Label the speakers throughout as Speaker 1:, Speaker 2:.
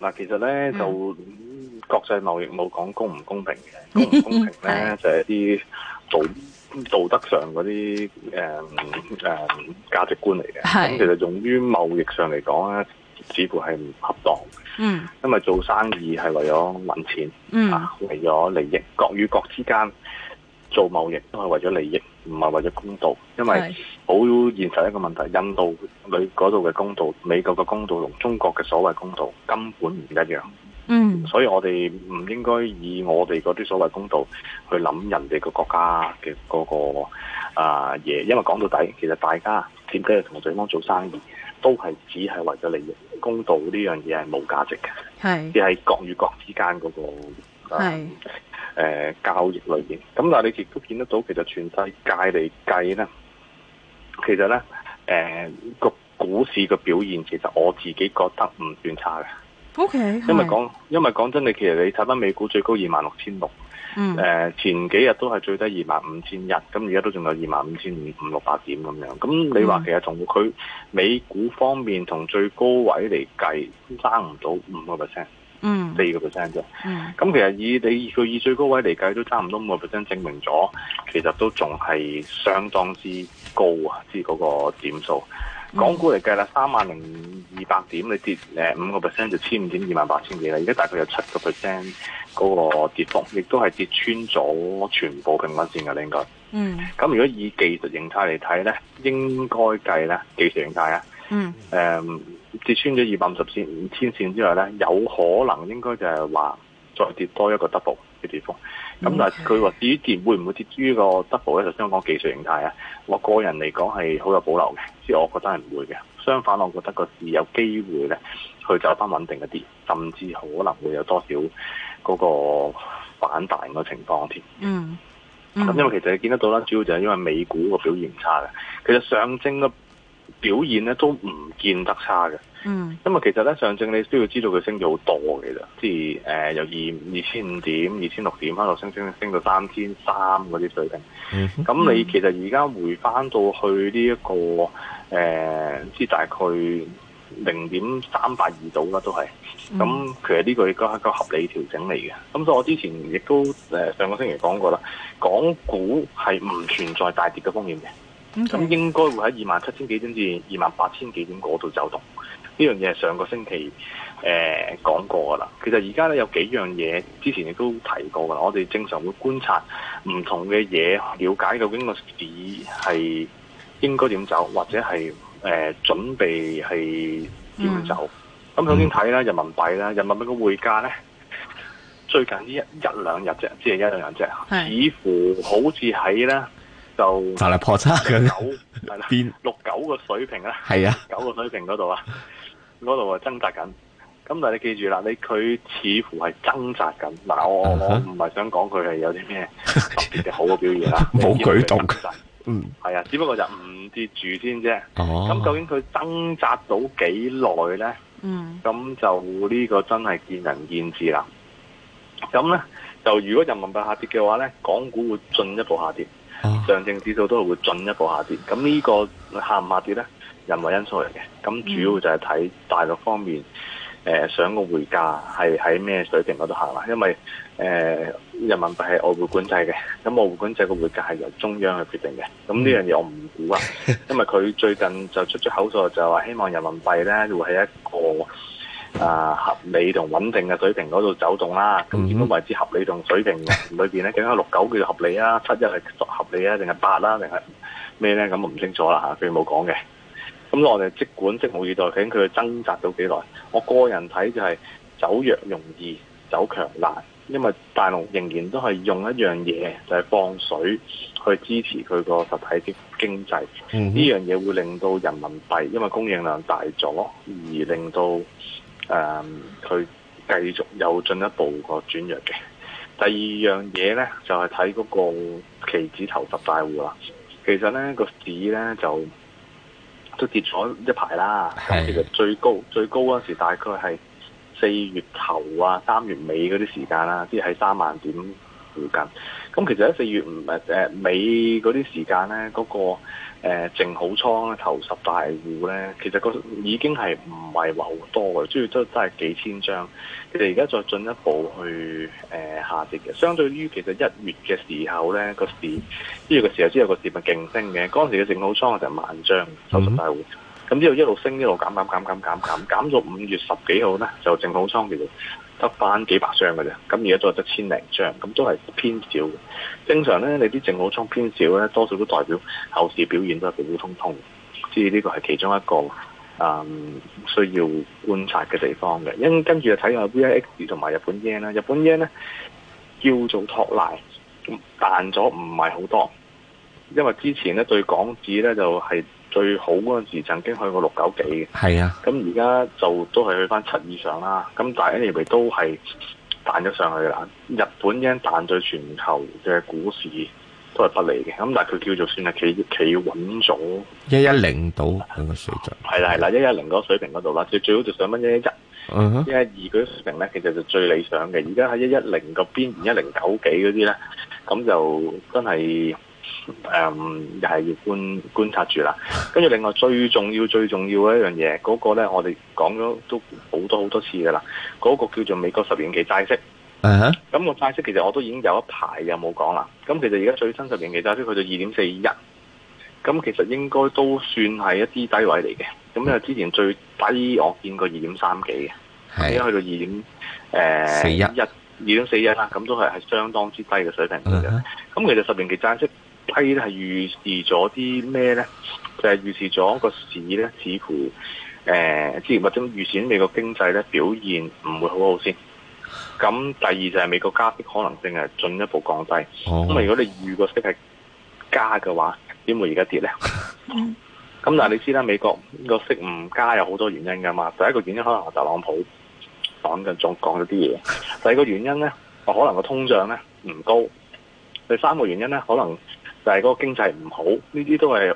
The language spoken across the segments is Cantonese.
Speaker 1: 嗱，其實咧就、嗯、國際貿易冇講公唔公平嘅，公唔公平咧 就係啲道道德上嗰啲誒誒價值觀嚟嘅。咁其實用於貿易上嚟講咧，似乎係唔合當唔恰當嘅。嗯，因為做生意係為咗搵錢，嗯，為咗利益，國與國之間。做貿易都係為咗利益，唔係為咗公道，因為好現實一個問題。印度裏嗰度嘅公道、美國嘅公道同中國嘅所謂公道根本唔一樣。
Speaker 2: 嗯，所
Speaker 1: 以我哋唔應該以我哋嗰啲所謂公道去諗人哋個國家嘅嗰、那個啊嘢，因為講到底，其實大家點解要同對方做生意，都係只係為咗利益。公道呢樣嘢係冇價值
Speaker 2: 嘅，
Speaker 1: 只係國與國之間嗰、那個。係，誒、呃、交易裏邊，咁但係你亦都見得到，其實全世界嚟計咧，其實咧，誒、呃、個股市嘅表現，其實我自己覺得唔算差嘅。
Speaker 2: Okay，因為講，
Speaker 1: 因為講真，你其實你睇翻美股最高二萬六千六，嗯，誒前幾日都係最低二萬五千一，咁而家都仲有二萬五千五五六百點咁樣。咁你話其實同佢美股方面同最高位嚟計，差唔到五個 percent。嗯，四個 percent 啫。嗯，咁其實以你佢以最高位嚟計都差唔多五個 percent，證明咗其實都仲係相當之高啊，即係嗰個點數。港股嚟計啦，三萬零二百點，你跌誒五個 percent 就千五點二萬八千幾啦。而家大概有七個 percent 嗰個跌幅，亦都係跌穿咗全部平均線噶，你應該。嗯，咁如果以技術形態嚟睇咧，應該計咧技術形態啊？嗯、誒、um，跌穿咗二百五十線五千線之外咧，有可能應該就係話再跌多一個 double 嘅跌幅。咁、嗯、但係佢話至於跌會唔會跌於個 double 咧，就相講技術形態啊。我個人嚟講係好有保留嘅，即我覺得係唔會嘅。相反，我覺得個市有機會咧去走翻穩定一啲，甚至可能會有多少嗰個反彈嘅情況添。嗯，
Speaker 2: 咁、
Speaker 1: 嗯嗯嗯、因為其實你見得到啦，主要就係因為美股個表現差嘅。其實上證嘅。表現咧都唔見得差嘅，嗯，因為其實咧上證你需要知道佢升咗好多嘅啫，即係誒由二二千五點、二千六點喺度升升升到三千三嗰啲水平，咁、嗯、你其實而家回翻到去呢、這個呃嗯、一個誒，即大概零點三八二度啦，都係，咁其實呢個亦都係一個合理調整嚟嘅，咁所以我之前亦都上個星期講過啦，港股係唔存在大跌嘅風險嘅。咁、okay. 應該會喺二萬七千幾點至二萬八千幾點嗰度走動，呢樣嘢係上個星期誒、呃、講過噶啦。其實而家咧有幾樣嘢之前亦都提過噶啦。我哋正常會觀察唔同嘅嘢，了解究竟個市係應該點走，或者係誒、呃、準備係點走。咁、mm. 首先睇啦，人民幣啦，人民幣嘅匯價咧，最近呢一日兩日一兩日啫，即係一兩日啫，似乎好似喺咧。就就嚟破七九，變六九個水平啦，係啊，六九個水平嗰度啊，嗰度啊掙扎緊。咁但係你記住啦，你佢似乎係掙扎緊。嗱，我我唔係想講佢係有啲咩特別嘅好嘅表現啦，冇舉動。嗯，係啊，只不過就唔跌住先啫。
Speaker 2: 咁、嗯、究竟
Speaker 1: 佢掙扎到幾耐咧？咁、嗯、就呢個真係見仁見智啦。咁咧就如果人民幣下跌嘅話咧，港股會進一步下跌。Oh. 上證指數都係會進一步下跌，咁呢個下唔下跌呢？人為因素嚟嘅。咁主要就係睇大陸方面，誒、呃，上個匯價係喺咩水平嗰度下啦。因為誒、呃，人民幣係外匯管制嘅，咁外匯管制個匯價係由中央去決定嘅。咁呢樣嘢我唔估啊， 因為佢最近就出咗口術，就話希望人民幣呢會係一個。啊，合理同穩定嘅水平嗰度走動啦，啊，咁點樣為之合理同水平裏面咧？更加六九叫做合理啊，七一係合理啊，定係八啦，定係咩咧？咁我唔清楚啦吓，佢冇講嘅。咁、啊、我哋即管拭目以待，睇佢掙扎到幾耐。我個人睇就係走弱容易，走強難，因為大陸仍然都係用一樣嘢就係放水去支持佢個實體經經濟。呢、嗯、樣嘢會令到人民幣，因為供應量大咗，而令到。誒、嗯，佢繼續有進一步個轉弱嘅。第二樣嘢咧，就係睇嗰個期指頭十大戶啦。其實咧個市咧就都跌咗一排啦。其實最高最高嗰時大概係四月頭啊，三月尾嗰啲時間啦，即係喺三萬點。近咁、呃那個呃，其實喺四月唔日誒尾嗰啲時間咧，嗰個誒淨好倉頭十大戶咧，其實已經係唔係話好多嘅，主、就、要、是、都真係幾千張。其實而家再進一步去、呃、下跌嘅，相對於其實一月嘅時候咧個市，呢，個時候之後個市咪勁升嘅，嗰陣時嘅淨好倉就是萬張，頭十大戶，咁之後一路升一路減減減減減減減，到五月十幾號咧就淨好倉其實。得翻幾百張嘅啫，咁而家都係得千零張，咁都係偏少嘅。正常呢，你啲淨好倉偏少呢，多數都代表後市表現都係普普通通，所以呢個係其中一個啊、嗯、需要觀察嘅地方嘅。因為跟住就睇下 VIX 同埋日本日圓啦，日本日圓呢叫做托賴彈咗唔係好多，因為之前呢對港紙呢就係、是最好嗰陣時曾經去過六九幾嘅，係啊，咁而家就都係去翻七以上啦。咁但係 anyway 都係彈咗上去啦。日本已經彈在全球嘅股市都係不利嘅。咁但係佢叫做算係企企穩咗
Speaker 3: 一一零到嗰個水準，係
Speaker 1: 啦係啦，一一零嗰個水，水平嗰度啦，最最好就上翻一一一、一一二嗰啲水平咧，其實就最理想嘅。而家喺一一零嗰邊，一零九幾嗰啲咧，咁就真係。誒，又係要觀觀察住啦。跟住另外最重要最重要嘅一樣嘢，嗰個咧，我哋講咗都好多好多次嘅啦。嗰個叫做美國十年期債息。
Speaker 3: Uh-huh.
Speaker 1: 咁個債息其實我都已經有一排又冇講啦。咁其實而家最新十年期債息去到二點四一，咁其實應該都算係一啲低位嚟嘅。咁因為之前最低我見過二點三幾嘅，Uh-huh. 而家去到二點誒四一，二點四一啦，咁都係係相當之低嘅水平嚟嘅。Uh-huh. 咁其實十年期債息。佢係預示咗啲咩呢？就係、是、預示咗個市呢，似乎誒，即係或者預示美國經濟呢，表現唔會好好先。咁第二就係美國加息可能性係進一步降低。咁、oh. 如果你預個息係加嘅話，點會而家跌呢？咁 但係你知啦，美國呢個息唔加有好多原因噶嘛。第一個原因可能係特朗普講緊仲講咗啲嘢。第二個原因呢，可能個通脹呢唔高。第三個原因呢，可能。就係嗰個經濟唔好，呢啲都係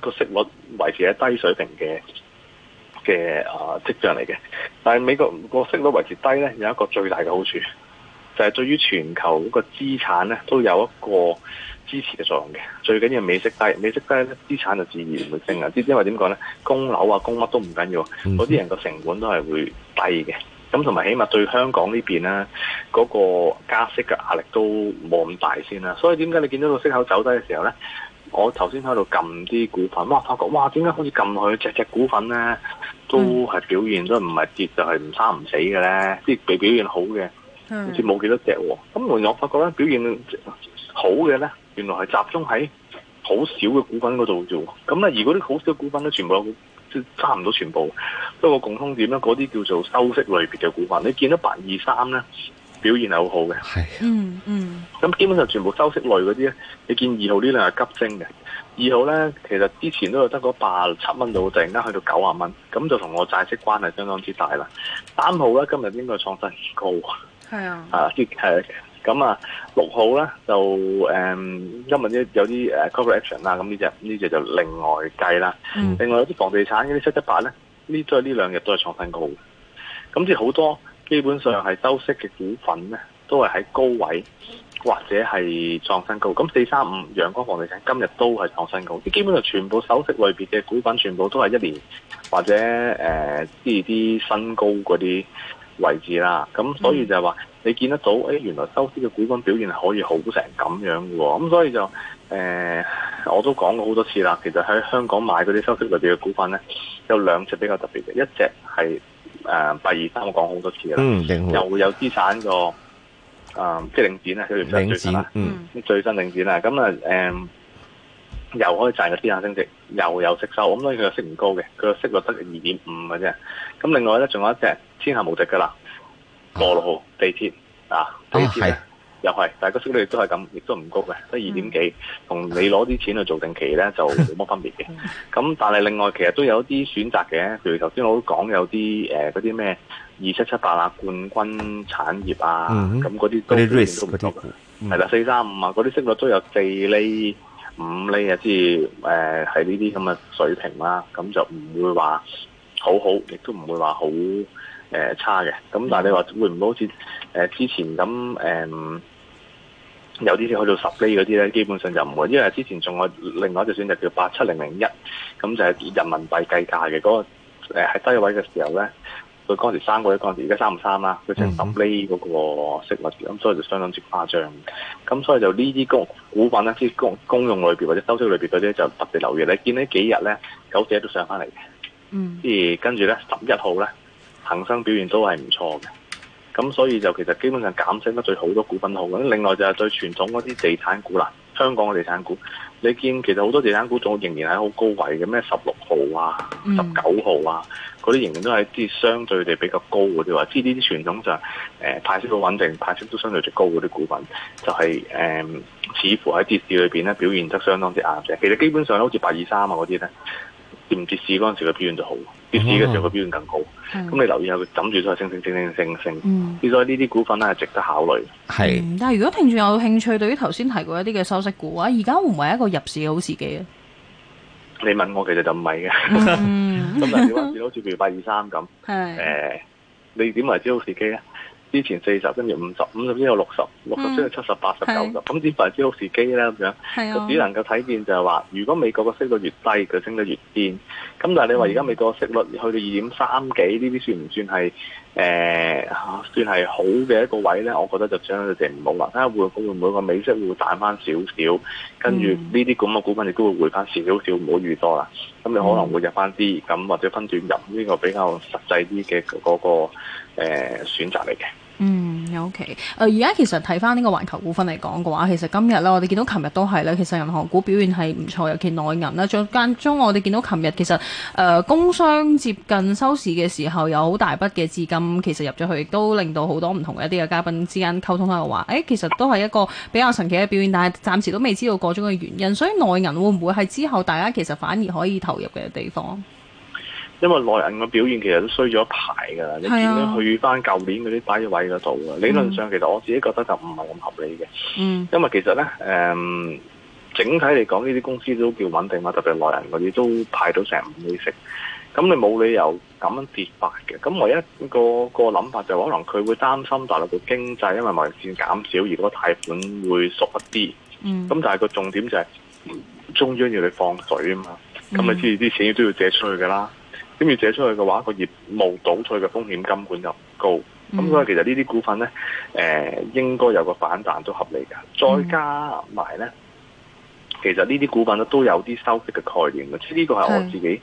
Speaker 1: 個息率維持喺低水平嘅嘅啊跡象嚟嘅。但係美國個息率維持低呢，有一個最大嘅好處，就係、是、對於全球嗰個資產呢，都有一個支持嘅作用嘅。最緊要美息低，美息低呢，資產就自然會升啊！即因為點講呢？供樓啊，供乜都唔緊要，嗰啲人個成本都係會低嘅。咁同埋，起碼對香港呢邊咧，嗰個加息嘅壓力都冇咁大先啦。所以點解你見到個息口走低嘅時候咧，我頭先喺度撳啲股份，哇！發覺哇，點解好似撳落去隻隻股份咧，都係表現都唔係跌就係唔差唔死嘅咧，即係表現好嘅，
Speaker 2: 好似冇
Speaker 1: 幾多隻喎。咁原來我發覺咧，表現好嘅咧，原來係集中喺好少嘅股份嗰度做。咁咧，如果啲好少嘅股份都全部，差唔多全部，不過共通點咧，嗰啲叫做收息類別嘅股份，你見到八二三咧，表現係好好嘅，係、啊，嗯嗯，咁基本上全部收息類嗰啲咧，你見二號呢兩日急升嘅。二號咧，其實之前都有得嗰八七蚊到，突然間去到九啊蚊，咁就同我債息關係相當之大啦。三號咧，今日應該係創新高？啊，係啊，啊，即係咁啊。六號咧就誒、嗯，今日咧有啲誒 Cover Action 啦、這個，咁呢隻呢隻就另外計啦、嗯。另外有啲房地產嗰啲七七八咧，呢都係呢兩日都係創新高。咁即係好多基本上係收息嘅股份咧，都係喺高位。或者係創新高，咁四三五陽光房地產今日都係創新高，啲基本上全部收息類別嘅股份，全部都係一年或者誒，即係啲新高嗰啲位置啦。咁所以就話你見得到，誒、欸、原來收息嘅股份表現係可以好成咁樣嘅喎。咁所以就誒、呃，我都講過好多次啦。其實喺香港買嗰啲收息類別嘅股份咧，有兩隻比較特別嘅，一隻係誒八二三，我講好多次啦，嗯，又會有資產個。啊、嗯，即領展啊，佢哋最新啦，嗯，最新領展啦，咁啊，誒、嗯，又可以賺個資產升值，又有息收，咁所以佢個息唔高嘅，佢個息率得二點五嘅啫。咁另外咧，仲有一隻天下無敵噶啦，羅六號地鐵、嗯、啊，地、哦、又係，但個息率亦都係咁，亦都唔高嘅，得二點幾，同、嗯、你攞啲錢去做定期咧就冇乜分別嘅。咁、嗯、但係另外其實都有啲選擇嘅，譬如頭先我都講有啲誒嗰啲咩？呃二七七八啊，冠軍產業啊，咁嗰啲都、
Speaker 3: 嗯、4, 3, 5, 都係啦，四
Speaker 1: 三五啊，嗰啲息率都有四厘、五厘啊，即係誒，喺呢啲咁嘅水平啦，咁就唔會話好好，亦都唔會話好誒差嘅。咁但係你話會唔會好似誒、呃、之前咁誒、呃、有啲先去到十厘嗰啲咧，基本上就唔會，因為之前仲有另外一隻選擇叫八七零零一，咁就係以人民幣計價嘅嗰個誒喺、呃、低位嘅時候咧。佢嗰陣時三個月，啲嗰時而家三唔三啦、啊，佢成十厘嗰個息率，咁、mm -hmm. 所以就相當之誇張。咁所以就呢啲公股份咧，啲、就是、公公用類別或者收息類別嗰啲就特別留意，你見幾呢幾日咧，九四都上翻嚟嘅。即係跟住咧十一號咧，恒生表現都係唔錯嘅。咁所以就其實基本上減升得最好多股份好，好另外就係最傳統嗰啲地產股啦，香港嘅地產股。你見其實好多地產股總仍然係好高位嘅，咩十六號啊、
Speaker 2: 十九
Speaker 1: 號啊，嗰啲仍然都係啲相對地比較高嗰啲話，呢啲傳統就誒、是呃、派息好穩定、派息都相對最高嗰啲股份，就係、是、誒、呃、似乎喺跌市裏面咧表現得相當之硬淨。其實基本上好似八二三啊嗰啲咧，跌唔跌市嗰陣時嘅表現就好，跌市嘅時候嘅表現更好。咁、啊、你留意下，佢枕住都係升升升升升升。嗯，所以呢啲股份咧係值得考慮。係、嗯，
Speaker 4: 但係如果聽住有興趣，對於頭先提過一啲嘅收息股嘅話，而家會唔會係一個入市嘅好時機
Speaker 1: 啊？你問我其實就唔係嘅。嗯，咁 啊，點解似好似譬如八二三咁？係，誒，你點為之好時機咧？前 40, 50, 50之前四十，跟住五十，五十先有六十，六十先有七十八十九十，咁先係啲好時機呢。咁樣。係啊，只能夠睇見就係話，如果美國個息率越低，佢升得越堅。咁但係你話而家美國息率去到二點三幾，呢啲算唔算係誒、呃？算係好嘅一個位咧？我覺得就將就哋唔好話，睇下啊會會唔會個美息會彈翻少少，跟住呢啲咁嘅股份亦都會回翻少少，唔好預多啦。咁你可能會入翻啲咁或者分段入呢個比較實際啲嘅嗰個誒、呃、選擇嚟嘅。
Speaker 4: 嗯，OK。誒、呃，而家其實睇翻呢個環球股份嚟講嘅話，其實今日咧，我哋見到琴日都係咧，其實銀行股表現係唔錯，尤其內銀啦。中間中，我哋見到琴日其實誒、呃、工商接近收市嘅時候，有好大筆嘅資金其實入咗去，亦都令到好多唔同嘅一啲嘅嘉賓之間溝通下度話，誒其實都係一個比較神奇嘅表現，但係暫時都未知道個中嘅原因。所以內銀會唔會係之後大家其實反而可以投入嘅地方？
Speaker 1: 因為內銀嘅表現其實都衰咗一排噶啦，你點樣去翻舊年嗰啲低位嗰度，嗯、理論上其實我自己覺得就唔係咁合理嘅，嗯，因為其實咧，誒、嗯，整體嚟講呢啲公司都叫穩定嘛，特別內銀嗰啲都派到成五厘息，咁你冇理由咁樣跌法嘅。咁唯一個、嗰個諗法就是可能佢會擔心大陸嘅經濟，因為貿易綫減少，而嗰個貸款會縮一啲。咁、嗯、但係個重點就係、是、中央要你放水啊嘛，咁你知啲錢都要借出去噶啦。咁要借出去嘅話，個業務倒退嘅風險根本就唔高，咁、嗯、所以其實呢啲股份咧，誒、呃、應該有個反彈都合理㗎。再加埋咧、嗯，其實呢啲股份咧都有啲收息嘅概念嘅，即呢個係我自己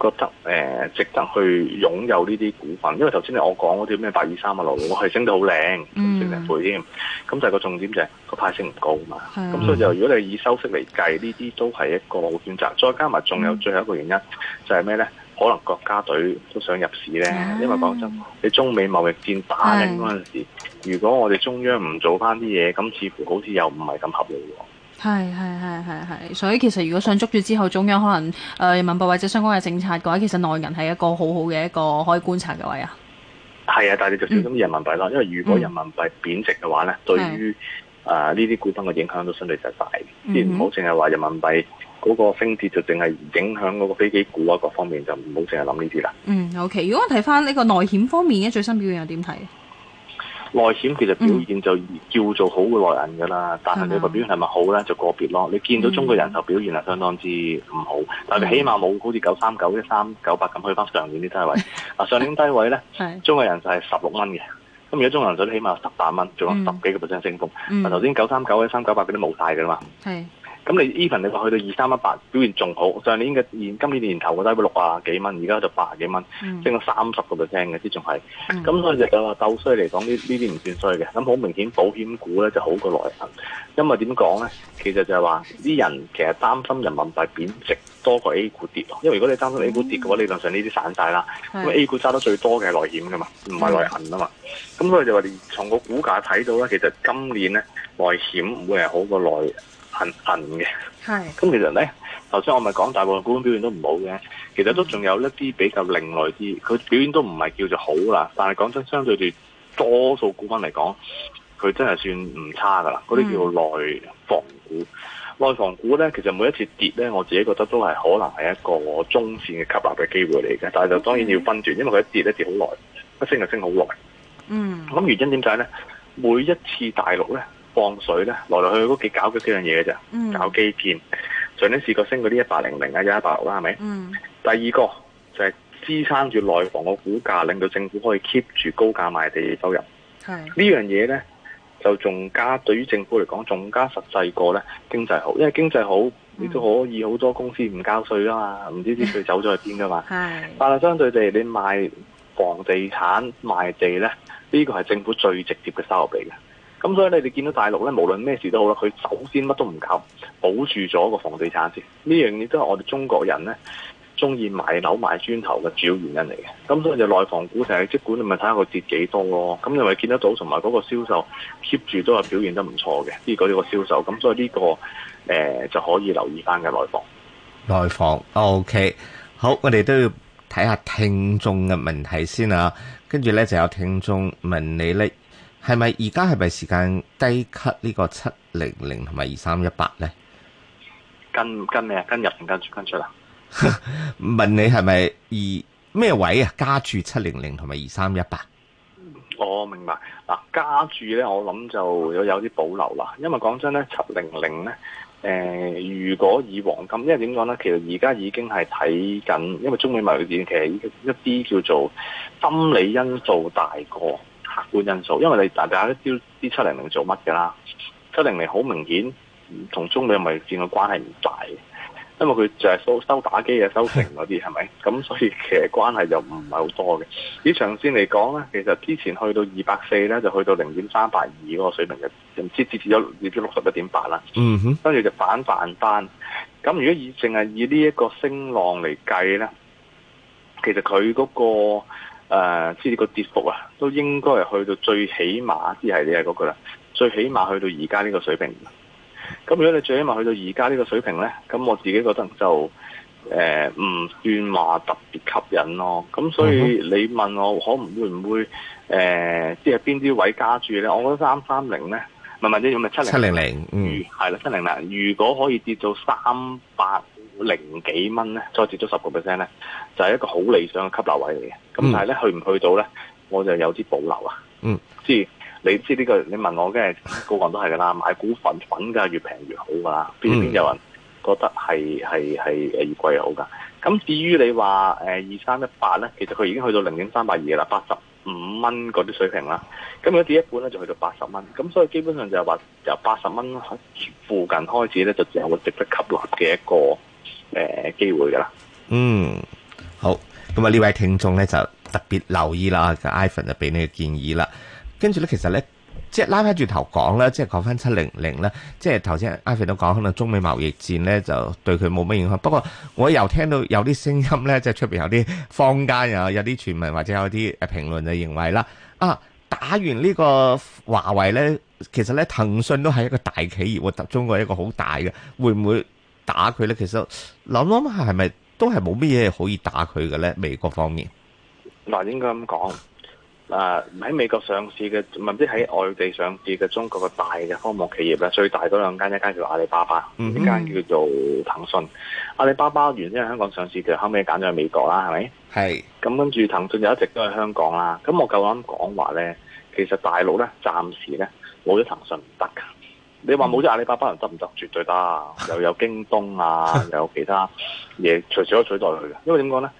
Speaker 1: 覺得誒、呃、值得去擁有呢啲股份。因為頭先我講嗰啲咩百二三啊六，我係升得好靚，
Speaker 2: 升、嗯、零倍
Speaker 1: 添。咁就個重點就係個派息唔高嘛。咁、啊、所以就如果你以收息嚟計，呢啲都係一個選擇。再加埋仲有最後一個原因就係咩咧？可能國家隊都想入市咧，因為講真，你中美貿易戰打緊嗰陣時，如果我哋中央唔做翻啲嘢，咁似乎好似又唔係咁合理喎。
Speaker 4: 係係係係，所以其實如果想捉住之後中央可能誒、呃、人民幣或者相關嘅政策嘅話，其實內銀係一個好好嘅一個可以觀察嘅位啊。
Speaker 1: 係啊，但係你就小心人民幣啦、嗯，因為如果人民幣貶值嘅話咧、嗯，對於啊呢啲股東嘅影響都相對就大啲，唔好淨係話人民幣。嗰、那個升跌就淨係影響嗰個飛機股啊，各方面就唔好淨係諗呢啲啦。
Speaker 4: 嗯，OK。如果我睇翻呢個內險方面嘅最新表現又點睇？
Speaker 1: 內險其實表現就叫做好過內銀噶啦，嗯、但係你個表現係咪好咧？就個別咯、嗯。你見到中國人壽表現係相當之唔好，嗯、但係你起碼冇好似九三九、一三九八咁去翻上年啲低位。啊、嗯，上年低位咧， 中國人就係十六蚊嘅，咁而家中國人壽就起碼十八蚊，仲有十幾個 percent 升幅。啊、嗯，頭先九三九、一三九八嗰啲冇晒噶啦嘛。係。咁你 even 你話去到二三一八表現仲好，上年嘅年今年年頭我低咗六啊幾蚊，而家就八啊幾蚊，升咗三十個 percent 嘅，啲仲係。咁所以就係話鬥衰嚟講，呢呢啲唔算衰嘅。咁好明顯保險股咧就好過內銀，因為點講咧？其實就係話啲人其實擔心人民幣貶值多過 A 股跌，因為如果你擔心 A 股跌嘅話，理論上呢啲散晒啦。咁 A 股揸得最多嘅係內險噶嘛，唔係內銀啊嘛。咁所以就話從個股價睇到咧，其實今年咧內險唔會係好過內。痕嘅。係咁其實呢，頭先我咪講大部分股份表現都唔好嘅，其實都仲有一啲比較另類啲，佢、嗯、表現都唔係叫做好啦，但係講真，相對住多數股份嚟講，佢真係算唔差噶啦。嗰啲叫做內房股，內、嗯、房股呢，其實每一次跌呢，我自己覺得都係可能係一個中線嘅吸納嘅機會嚟嘅，但係就當然要分段、嗯，因為佢一跌一跌好耐，一升就升好耐。嗯，咁原因點解呢？每一次大陸呢。放水咧，來來去去都幾搞咗幾樣嘢嘅啫，搞基建，上次試過升過啲一百零零啊，一百六啦，係咪？第二個就係、是、支撐住內房個股價，令到政府可以 keep 住高價賣地嘅收入。
Speaker 2: 係呢
Speaker 1: 樣嘢咧，就仲加對於政府嚟講，仲加實際過咧經濟好，因為經濟好、嗯，你都可以好多公司唔交稅啊嘛，唔知啲稅走咗去邊噶嘛。係， 但係相對地，你賣房地產賣地咧，呢、這個係政府最直接嘅收入嚟嘅。咁所以你哋見到大陸咧，無論咩事都好啦，佢首先乜都唔搞，保住咗個房地產先。呢樣嘢都係我哋中國人咧，中意買樓買磚頭嘅主要原因嚟嘅。咁所以就內房股就係，即管你咪睇下個跌幾多咯。咁你咪見得到，同埋嗰個銷售 keep 住都係表現得唔錯嘅。呢個呢個銷售，咁所以呢個、呃、就可以留意翻嘅內房。
Speaker 3: 內房，OK。好，我哋都要睇下聽眾嘅問題先啊。跟住咧就有聽眾問你咧。係咪而家係咪時間低級，這個700和2318呢個七零零同埋二三一八咧？
Speaker 1: 跟跟咩啊？跟入定跟跟、跟，出跟出
Speaker 3: 啊？ 問你係咪二咩位置、哦、啊？加注七零零同埋二三一八？
Speaker 1: 我明白嗱，加注咧，我諗就有有啲保留啦。因為講真咧，七零零咧，誒、呃，如果以黃金，因為點講咧？其實而家已經係睇緊，因為中美貿易點，其實一啲叫做心理因素大過客觀因素，因為你大家都知 d 七零零做乜嘅啦？七零零好明顯同中美咪戰個關係唔大，因為佢淨係收收打機嘅收成嗰啲係咪？咁、 嗯、所以其實關係就唔係好多嘅。以長線嚟講咧，其實之前去到二百四咧，就去到零點三八二嗰個水平嘅，唔知跌跌咗跌咗六十一點八啦。
Speaker 2: 嗯哼，
Speaker 1: 跟住就反彈翻。咁如果以淨係以呢一個升浪嚟計咧，其實佢嗰、嗰個。誒、呃、知、這、呢個跌幅啊，都應該係去到最起碼即係你係嗰句啦，最起碼去到而家呢個水平。咁如果你最起碼去到而家呢個水平咧，咁我自己覺得就誒唔、呃、算話特別吸引咯。咁所以你問我可唔、嗯、會唔會誒，即係邊啲位加注咧？我覺得三三零咧，問問啲友咪七零零，700，嗯，係啦，七零零，如果可以跌到三八。零幾蚊咧，再跌咗十個 percent 咧，就係，是，一個好理想嘅吸納位嚟嘅。咁，嗯、但係咧，去唔去到咧，我就有啲保留啊。
Speaker 2: 嗯，
Speaker 1: 即係你知呢、這個，你問我梗係個個人都係㗎啦。買股份，份價，越平越好㗎啦。邊邊有人覺得係係係誒越貴好㗎？咁至於你話誒二三一八咧，其實佢已經去到零點三百二啦，八十五蚊嗰啲水平啦。咁有跌一半咧，就去到八十蚊。咁所以基本上就係話由八十蚊喺附近開始咧，就淨係會值得吸納嘅一個。誒，
Speaker 3: 機會噶啦，嗯，好，咁啊呢位聽眾咧就特別留意啦，就 Ivan 就俾你嘅建議啦，跟住咧其實咧，即係拉翻轉頭講啦，即係講翻七零零啦。即係頭先 Ivan 都講，可能中美貿易戰咧就對佢冇乜影響，不過我又聽到有啲聲音咧，即係出邊有啲坊間啊，有啲傳聞或者有啲誒評論就認為啦，啊，打完呢個華為咧，其實咧騰訊都係一個大企業，特中國一個好大嘅，會唔會？打佢呢，其實諗諗下係咪都係冇咩嘢可以打佢嘅呢？美國方面，
Speaker 1: 嗱應該咁講，嗱喺美國上市嘅，唔知喺外地上市嘅中國嘅大嘅科技企業咧，最大嗰兩間，一間叫阿里巴巴，一間叫做騰訊。阿里巴巴原先喺香港上市，佢後尾揀咗去美國啦，係咪？係。咁跟住騰訊就一直都喺香港啦。咁我夠膽講話呢，其實大陸呢，暫時呢，冇咗騰訊唔得噶。你話冇咗阿里巴巴人得唔得？絕對得，又有京東啊， 又有其他嘢隨時可取代佢嘅。因為點講咧？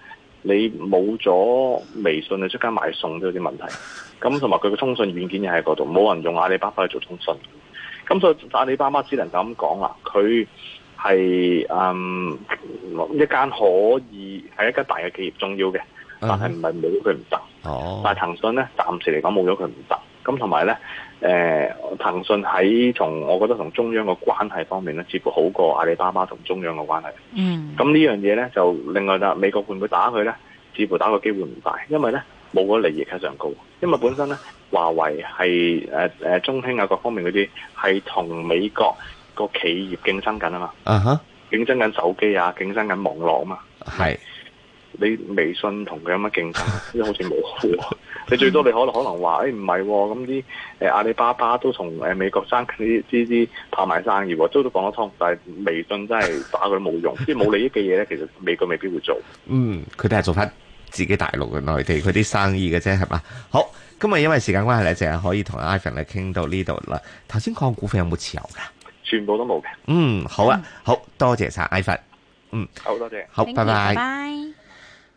Speaker 1: 你冇咗微信，你出街買餸都有啲問題。咁同埋佢嘅通訊軟件又喺嗰度，冇人用阿里巴巴去做通訊。咁所以阿里巴巴只能夠咁講啦，佢係嗯一間可以係一間大嘅企業，重要嘅，但係唔係冇咗佢唔得。Uh -huh. 但係騰訊咧暫時嚟講冇咗佢唔得。咁同埋咧，誒、呃、騰訊喺從我覺得同中央嘅關係方面咧，似乎好過阿里巴巴同中央嘅關係。嗯。咁呢樣嘢咧，就另外啦美國會唔會打佢咧？似乎打個機會唔大，因為咧冇個利益喺上高，因為本身咧華為係、呃、中興啊各方面嗰啲係同美國個企業競爭緊啊嘛。
Speaker 3: 啊、uh -huh.
Speaker 1: 競爭緊手機啊，競爭緊網絡啊嘛。係。你微信同佢有乜競爭？因為好似冇喎。你 最多你可能可能話，誒唔係咁啲阿里巴巴都同美國爭啲啲啲拍賣生意，都都講得通。但係微信真係打佢都冇用，即係冇利益嘅嘢咧，其實美國未必會做。
Speaker 3: 嗯，佢哋係做翻自己大陸嘅內地佢啲生意嘅啫，係嘛？好，今日因為時間關係咧，淨係可以同 Ivan 咧傾到呢度啦。頭先講股票有冇持有㗎？
Speaker 1: 全部都冇嘅。嗯，
Speaker 3: 好啊，嗯、好多謝晒 Ivan。嗯，好多謝，好，拜拜。Bye bye.